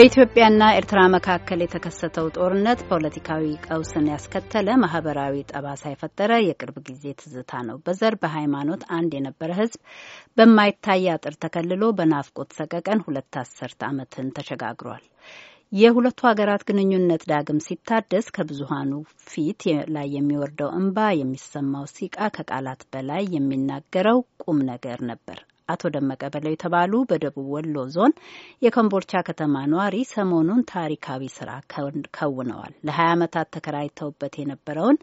በኢትዮጵያና ኤርትራ መካከል የተከሰተው ጦርነት ፖለቲካዊ ቀውስን ያስከተለ ማህበራዊ ጠባሳ የፈጠረ የቅርብ ጊዜ ትዝታ ነው። በዘር በሃይማኖት አንድ የነበረ ሕዝብ በማይታይ አጥር ተከልሎ በናፍቆት ሰቀቀን ሁለት አስርት ዓመትን ተሸጋግሯል። የሁለቱ ሀገራት ግንኙነት ዳግም ሲታደስ ከብዙሃኑ ፊት ላይ የሚወርደው እንባ የሚሰማው ሲቃ ከቃላት በላይ የሚናገረው ቁም ነገር ነበር። አቶ ደመቀ በለው የተባሉ በደቡብ ወሎ ዞን የኮምቦልቻ ከተማ ነዋሪ ሰሞኑን ታሪካዊ ስራ ከውነዋል። ለ20 ዓመታት ተከራይተውበት የነበረውን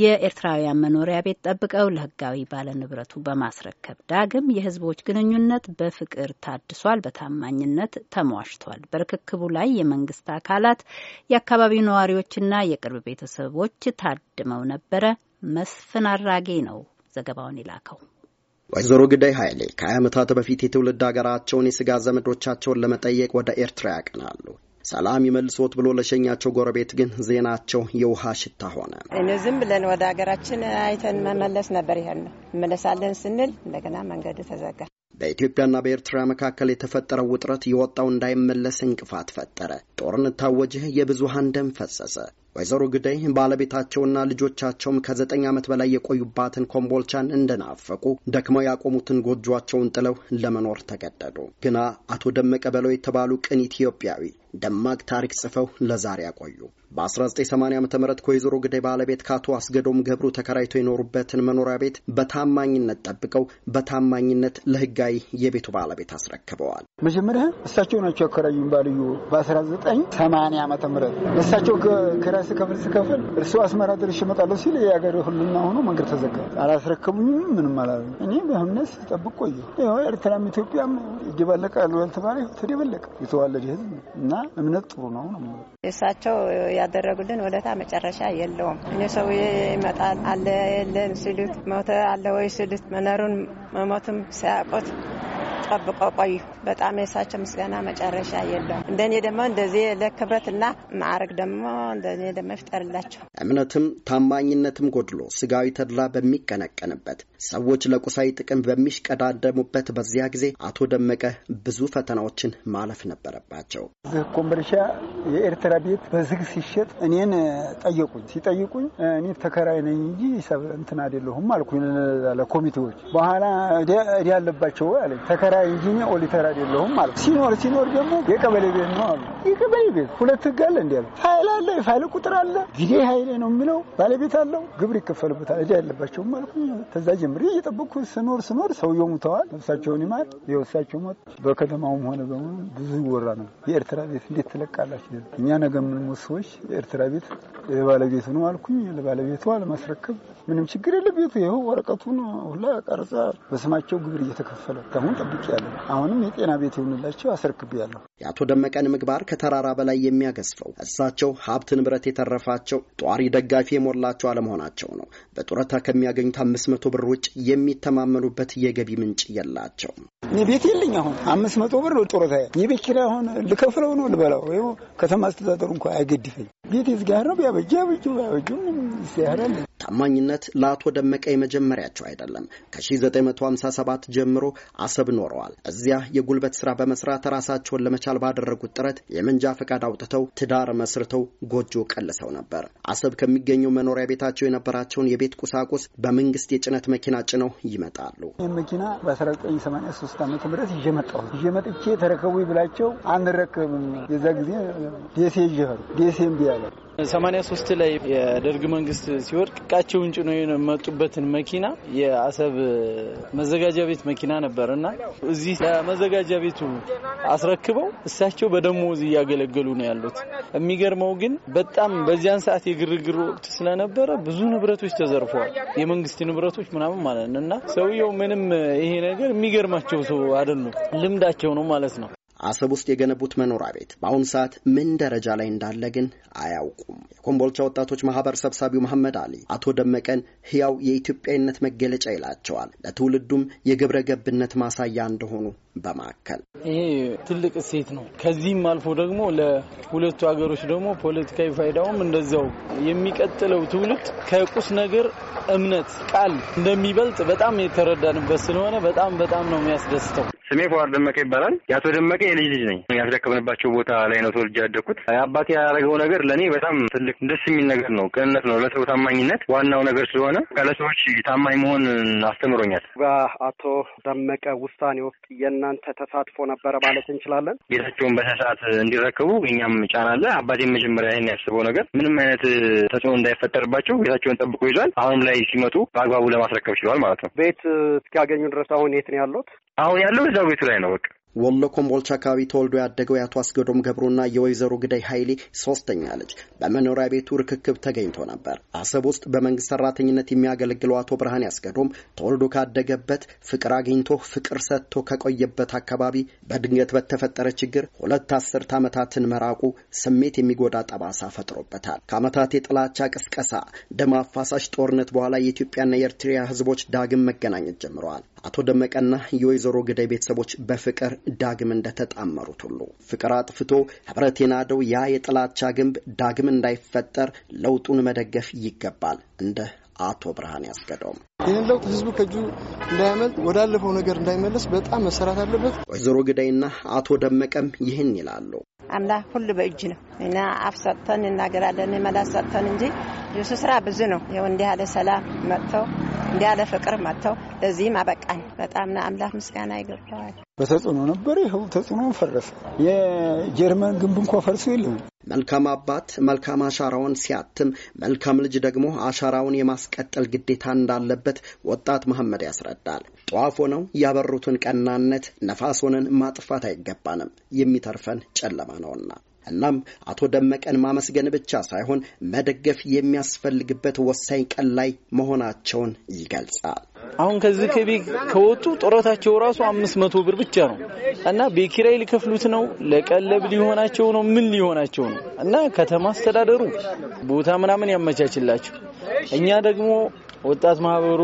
የኤርትራውያን መኖሪያ ቤት ጠብቀው ለህጋዊ ባለንብረቱ በማስረከብ ዳግም የህዝቦች ግንኙነት በፍቅር ታድሷል፣ በታማኝነት ተሟሽቷል። በርክክቡ ላይ የመንግስት አካላት፣ የአካባቢው ነዋሪዎችና የቅርብ ቤተሰቦች ታድመው ነበረ። መስፍን አራጌ ነው ዘገባውን የላከው። ወይዘሮ ግዳይ ኃይሌ ከሀያ ዓመታት በፊት የትውልድ ሀገራቸውን የስጋ ዘመዶቻቸውን ለመጠየቅ ወደ ኤርትራ ያቀናሉ። ሰላም ይመልሶት ብሎ ለሸኛቸው ጎረቤት ግን ዜናቸው የውሃ ሽታ ሆነ። እኔ ዝም ብለን ወደ ሀገራችን አይተን መመለስ ነበር። ይሄን እመለሳለን ስንል እንደገና መንገድ ተዘጋ። በኢትዮጵያና በኤርትራ መካከል የተፈጠረው ውጥረት የወጣው እንዳይመለስ እንቅፋት ፈጠረ። ጦርነት ታወጀ። የብዙሃን ደም ፈሰሰ። ወይዘሮ ግደይ ባለቤታቸውና ልጆቻቸውም ከዘጠኝ ዓመት በላይ የቆዩባትን ኮምቦልቻን እንደናፈቁ ደክመው ያቆሙትን ጎጇቸውን ጥለው ለመኖር ተገደዱ። ግና አቶ ደመቀ በለው የተባሉ ቅን ኢትዮጵያዊ ደማቅ ታሪክ ጽፈው ለዛሬ ያቆዩ። በ1980 ዓ ም ከወይዘሮ ግደይ ባለቤት ከአቶ አስገዶም ገብሩ ተከራይቶ የኖሩበትን መኖሪያ ቤት በታማኝነት ጠብቀው በታማኝነት ለህጋዊ የቤቱ ባለቤት አስረክበዋል። መጀመሪያ እሳቸው ናቸው ያከራዩን ባልዩ በ1980 ዓ ም እሳቸው ክራይ ስከፍል ስከፍል እርሱ አስመራ ደርሼ እመጣለሁ ሲል የሀገር ሁሉና ሆኖ መንገድ ተዘጋ። አላስረከቡኝም፣ ምንም አላሉ። እኔ በእምነት ስጠብቅ ቆየ። ኤርትራም ኢትዮጵያም እየባለቀ ያለ ያልተባለ ተደበለቀ። የተዋለደ ህዝብ እና እምነት ጥሩ ነው ነው እሳቸው ያደረጉልን ወለታ መጨረሻ የለውም። እኔ ሰውዬ ይመጣል አለ የለን ሲሉት ሞተ አለ ወይ ሲሉት መኖሩን መሞቱም ሳያውቁት ጠብቀው ቆዩ። በጣም የሳቸው ምስጋና መጨረሻ የለውም። እንደኔ ደግሞ እንደዚህ ለክብረትና ማዕረግ ደግሞ እንደኔ ደግሞ ይፍጠርላቸው። እምነትም ታማኝነትም ጎድሎ ስጋዊ ተድላ በሚቀነቀንበት ሰዎች ለቁሳዊ ጥቅም በሚሽቀዳደሙበት በዚያ ጊዜ አቶ ደመቀ ብዙ ፈተናዎችን ማለፍ ነበረባቸው። ኮምቦልቻ የኤርትራ ቤት በዝግ ሲሸጥ እኔን ጠየቁኝ። ሲጠይቁኝ እኔ ተከራይ ነኝ እንጂ ሰብ እንትን አይደለሁም አልኩኝ ለኮሚቴዎች። በኋላ እዲ አለባቸው አለኝ ተራ ኢንጂኒር ኦሊ ተራ አይደለሁም ማለት ሲኖር ሲኖር ደግሞ የቀበሌ ቤት ነው አሉ ይቅበኝ ግን ሁለት ህግ አለ እንዲ ፋይል አለ የፋይል ቁጥር አለ ጊዜ ሀይሌ ነው የሚለው ባለቤት አለው ግብር ይከፈልበታል እዳ ያለባቸውም አልኩ ተዛ ጀምር እየጠበቅኩ ስኖር ስኖር ሰውየው ሙተዋል ነፍሳቸውን ይማር የወሳቸው ሞት በከተማውም ሆነ በሙሉ ብዙ ይወራ ነው የኤርትራ ቤት እንዴት ትለቃላችሁ እኛ ነገ የምንሞት ሰዎች የኤርትራ ቤት ለባለቤቱ ነው አልኩኝ ለባለቤቱ ለማስረከብ ምንም ችግር የለ ቤቱ ይኸው ወረቀቱን ሁላ ቀርጻ በስማቸው ግብር እየተከፈለ አሁን ጠብቅ ያለ አሁንም የጤና ቤት ይሆንላቸው አስረክብ ያለሁ የአቶ ደመቀን ምግባር ከተራራ በላይ የሚያገዝፈው እሳቸው ሀብት ንብረት የተረፋቸው ጧሪ ደጋፊ የሞላቸው አለመሆናቸው ነው። በጡረታ ከሚያገኙት አምስት መቶ ብር ውጭ የሚተማመኑበት የገቢ ምንጭ የላቸው። እኔ ቤት የለኝ። አሁን አምስት መቶ ብር ነው ጡረታ። የቤት ኪራይ አሁን ልከፍለው ነው ልበላው። ከተማ አስተዳደሩ እንኳ አይገድፈኝ። ቤት የዝጋር ነው። ቢያበጅ ያበጁ ያበጁ ይሰያራል ታማኝነት ለአቶ ደመቀ የመጀመሪያቸው አይደለም። ከ1957 ጀምሮ አሰብ ኖረዋል። እዚያ የጉልበት ስራ በመስራት ራሳቸውን ለመቻል ባደረጉት ጥረት የመንጃ ፈቃድ አውጥተው ትዳር መስርተው ጎጆ ቀልሰው ነበር። አሰብ ከሚገኘው መኖሪያ ቤታቸው የነበራቸውን የቤት ቁሳቁስ በመንግስት የጭነት መኪና ጭነው ይመጣሉ። ይህ መኪና በ1983 ዓ ም ይዤ መጣሁ። ይዤ መጥቼ ተረከቡ ብላቸው አንረከብም የዛ ጊዜ ደሴ ይዤ ደሴ እምቢ አለ። ሰማንያ ሶስት ላይ የደርግ መንግስት ሲወድቅ እቃቸውን ጭኖ የመጡበትን መኪና የአሰብ መዘጋጃ ቤት መኪና ነበር እና እዚህ ለመዘጋጃ ቤቱ አስረክበው እሳቸው በደሞዝ እያገለገሉ ነው ያሉት። የሚገርመው ግን በጣም በዚያን ሰዓት የግርግር ወቅት ስለነበረ ብዙ ንብረቶች ተዘርፈዋል። የመንግስት ንብረቶች ምናምን ማለት ነው እና ሰውየው ምንም ይሄ ነገር የሚገርማቸው ሰው አይደሉም። ልምዳቸው ነው ማለት ነው። አሰብ ውስጥ የገነቡት መኖሪያ ቤት በአሁኑ ሰዓት ምን ደረጃ ላይ እንዳለ ግን አያውቁም። የኮምቦልቻ ወጣቶች ማህበር ሰብሳቢው መሐመድ አሊ አቶ ደመቀን ህያው የኢትዮጵያዊነት መገለጫ ይላቸዋል። ለትውልዱም የግብረ ገብነት ማሳያ እንደሆኑ በማከል ይሄ ትልቅ እሴት ነው። ከዚህም አልፎ ደግሞ ለሁለቱ ሀገሮች ደግሞ ፖለቲካዊ ፋይዳውም እንደዚያው የሚቀጥለው ትውልድ ከቁስ ነገር እምነት፣ ቃል እንደሚበልጥ በጣም የተረዳንበት ስለሆነ በጣም በጣም ነው የሚያስደስተው። ስሜ ፈዋር ደመቀ ይባላል። የአቶ ደመቀ የልጅ ልጅ ነኝ። ያስደከምንባቸው ቦታ ላይ ነው ተወልጄ ያደግኩት። አባቴ ያደረገው ነገር ለእኔ በጣም ትልቅ ደስ የሚል ነገር ነው። ቅንነት ነው፣ ለሰው ታማኝነት ዋናው ነገር ስለሆነ ለሰዎች ታማኝ መሆን አስተምሮኛል። በአቶ ደመቀ ውሳኔ ውስጥ የእናንተ ተሳትፎ ነበረ ማለት እንችላለን። ቤታቸውን በሰዓት እንዲረከቡ እኛም ጫና አለ። መጀመሪያ ይህን ያስበው ነገር ምንም አይነት ተጽዕኖ እንዳይፈጠርባቸው ቤታቸውን ጠብቆ ይዟል። አሁንም ላይ ሲመጡ በአግባቡ ለማስረከብ ችለዋል ማለት ነው። ቤት እስኪያገኙ ድረስ አሁን የት ነው ያሉት? አሁን ያለው እዛ ቤቱ ላይ ነው። በቃ ወሎ ኮምቦልቻ አካባቢ ተወልዶ ያደገው የአቶ አስገዶም ገብሩና የወይዘሮ ግዳይ ኃይሌ ሶስተኛ ልጅ በመኖሪያ ቤቱ ርክክብ ተገኝቶ ነበር። አሰብ ውስጥ በመንግስት ሰራተኝነት የሚያገለግለው አቶ ብርሃን አስገዶም ተወልዶ ካደገበት ፍቅር አግኝቶ ፍቅር ሰጥቶ ከቆየበት አካባቢ በድንገት በተፈጠረ ችግር ሁለት አስርት ዓመታትን መራቁ ስሜት የሚጎዳ ጠባሳ ፈጥሮበታል። ከዓመታት የጥላቻ ቅስቀሳ፣ ደም አፋሳሽ ጦርነት በኋላ የኢትዮጵያና የኤርትሪያ ህዝቦች ዳግም መገናኘት ጀምረዋል። አቶ ደመቀና የወይዘሮ ግዳይ ቤተሰቦች በፍቅር ዳግም እንደተጣመሩት ሁሉ ፍቅር አጥፍቶ ህብረት የናደው ያ የጥላቻ ግንብ ዳግም እንዳይፈጠር ለውጡን መደገፍ ይገባል። እንደ አቶ ብርሃን ያስገደውም ይህን ለውጥ ህዝቡ ከእጁ እንዳያመልጥ ወዳለፈው ነገር እንዳይመለስ በጣም መሰራት አለበት። ወይዘሮ ግዳይና አቶ ደመቀም ይህን ይላሉ። አምላክ ሁሉ በእጅ ነው እና አፍ ሰጥተን እናገራለን መላስ ሰጥተን እንጂ ስራ ብዙ ነው። ይኸው እንዲህ ያለ ሰላም መጥተው እንዲያለ ፍቅር መጥተው ለዚህም አበቃን። በጣም አምላክ ምስጋና ይገባዋል። በተጽዕኖ ነበር። ይኸው ተጽዕኖ ፈረሰ። የጀርመን ግንብ እንኳ ፈርሶ የለም። መልካም አባት መልካም አሻራውን ሲያትም መልካም ልጅ ደግሞ አሻራውን የማስቀጠል ግዴታ እንዳለበት ወጣት መሐመድ ያስረዳል። ጠዋፍ ሆነው ያበሩትን ቀናነት ነፋስ ሆነን ማጥፋት አይገባንም፣ የሚተርፈን ጨለማ ነውና እናም አቶ ደመቀን ማመስገን ብቻ ሳይሆን መደገፍ የሚያስፈልግበት ወሳኝ ቀን ላይ መሆናቸውን ይገልጻል። አሁን ከዚህ ከቤት ከወጡ ጡረታቸው ራሱ አምስት መቶ ብር ብቻ ነው እና ቤኪራይ ሊከፍሉት ነው፣ ለቀለብ ሊሆናቸው ነው፣ ምን ሊሆናቸው ነው እና ከተማ አስተዳደሩ ቦታ ምናምን ያመቻችላቸው እኛ ደግሞ ወጣት ማህበሩ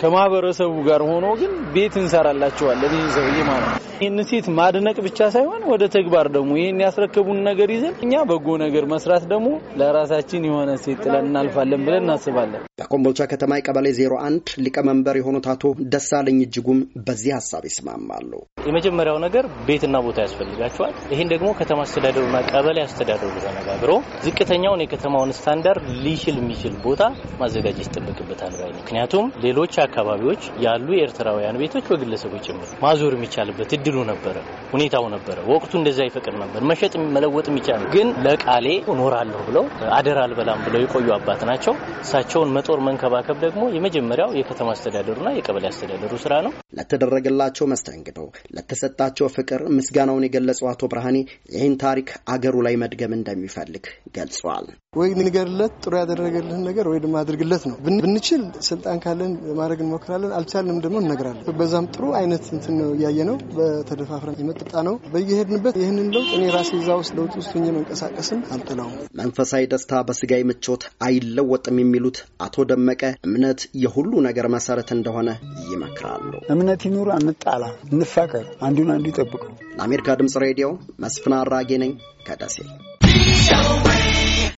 ከማህበረሰቡ ጋር ሆኖ ግን ቤት እንሰራላቸዋለን። ይህ ሰውዬ ማለት ይህን ሴት ማድነቅ ብቻ ሳይሆን ወደ ተግባር ደግሞ ይህን ያስረከቡን ነገር ይዘን እኛ በጎ ነገር መስራት ደግሞ ለራሳችን የሆነ ሴት ጥለን እናልፋለን ብለን እናስባለን። በኮምቦልቻ ከተማ ቀበሌ 01 ሊቀመንበር የሆኑት አቶ ደሳለኝ እጅጉም በዚህ ሀሳብ ይስማማሉ። የመጀመሪያው ነገር ቤትና ቦታ ያስፈልጋቸዋል። ይህን ደግሞ ከተማ አስተዳደሩና ቀበሌ አስተዳደሩ ተነጋግሮ ዝቅተኛውን የከተማውን ስታንዳርድ ሊችል የሚችል ቦታ ማዘጋጀት ይጠበቅበታል ባይ ምክንያቱም ሌሎች አካባቢዎች ያሉ የኤርትራውያን ቤቶች በግለሰቦች ጭምር ማዞር የሚቻልበት እድሉ ነበረ፣ ሁኔታው ነበረ፣ ወቅቱ እንደዛ ይፈቅድ ነበር። መሸጥ መለወጥ የሚቻል ግን ለቃሌ እኖራለሁ ብለው አደራ አልበላም ብለው የቆዩ አባት ናቸው። እሳቸውን መጥ ጦር መንከባከብ ደግሞ የመጀመሪያው የከተማ አስተዳደሩና የቀበሌ አስተዳደሩ ስራ ነው። ለተደረገላቸው መስተንግዶ፣ ለተሰጣቸው ፍቅር ምስጋናውን የገለጸው አቶ ብርሃኔ ይህን ታሪክ አገሩ ላይ መድገም እንደሚፈልግ ገልጿል። ወይ ምንገርለት ጥሩ ያደረገልህን ነገር ወይ ድማ አድርግለት ነው። ብንችል ስልጣን ካለን ማድረግ እንሞክራለን፣ አልቻልንም ደግሞ እነግራለን። በዛም ጥሩ አይነት እንትን ነው እያየ ነው። በተደፋፍረን የመጠጣ ነው። በየሄድንበት ይህንን ለውጥ እኔ ራሴ እዛ ውስጥ ለውጥ ውስጥ መንቀሳቀስም አልጥለውም። መንፈሳዊ ደስታ በስጋዊ ምቾት አይለወጥም የሚሉት አቶ ደመቀ እምነት የሁሉ ነገር መሰረት እንደሆነ ይመክራሉ። እምነት ይኑር፣ አንጣላ፣ እንፋቀር፣ አንዱን አንዱ ይጠብቀው። ለአሜሪካ ድምፅ ሬዲዮ መስፍን አራጌ ነኝ ከደሴ